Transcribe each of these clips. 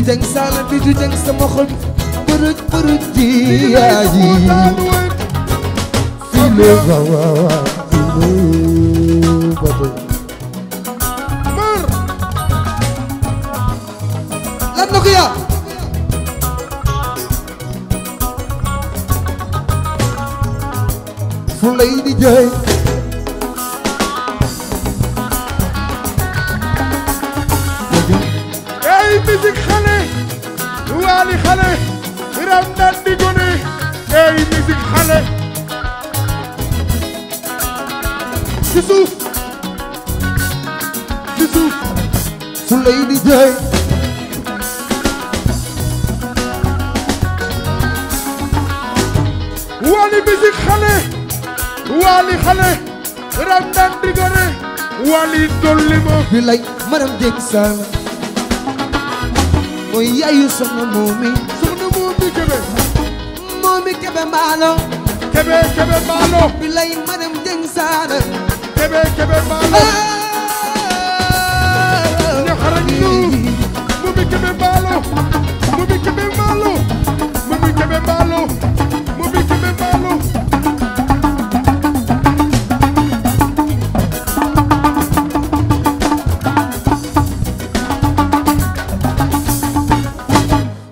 bi jang saala bi du jang sama xol buruj buruj ji yaa ji file waaw waaw file mar lan na fu lay di musique xale waali xale di gone ey musique xale ci suuf ci di jooy waali musique xale xale ram di gone waali dolli ma bilay maram dégg saa mooy yaayu soxna Momy. soxna Momy Kébé. Momy Kébé Mballo. Kébé Kébé Mballo. bi lay madame Dieng Saara. Kébé Kébé Mballo. Ah!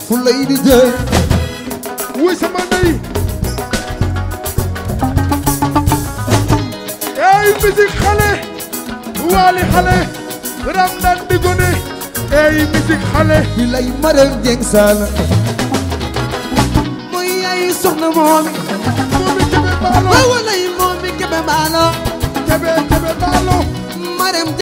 ku lay di jël wuy sama ndey ey musique xale waali xale ramdan di gone ey musique xale bi lay maral jeng saala mooy yaay soxna moom moomi jëme baalo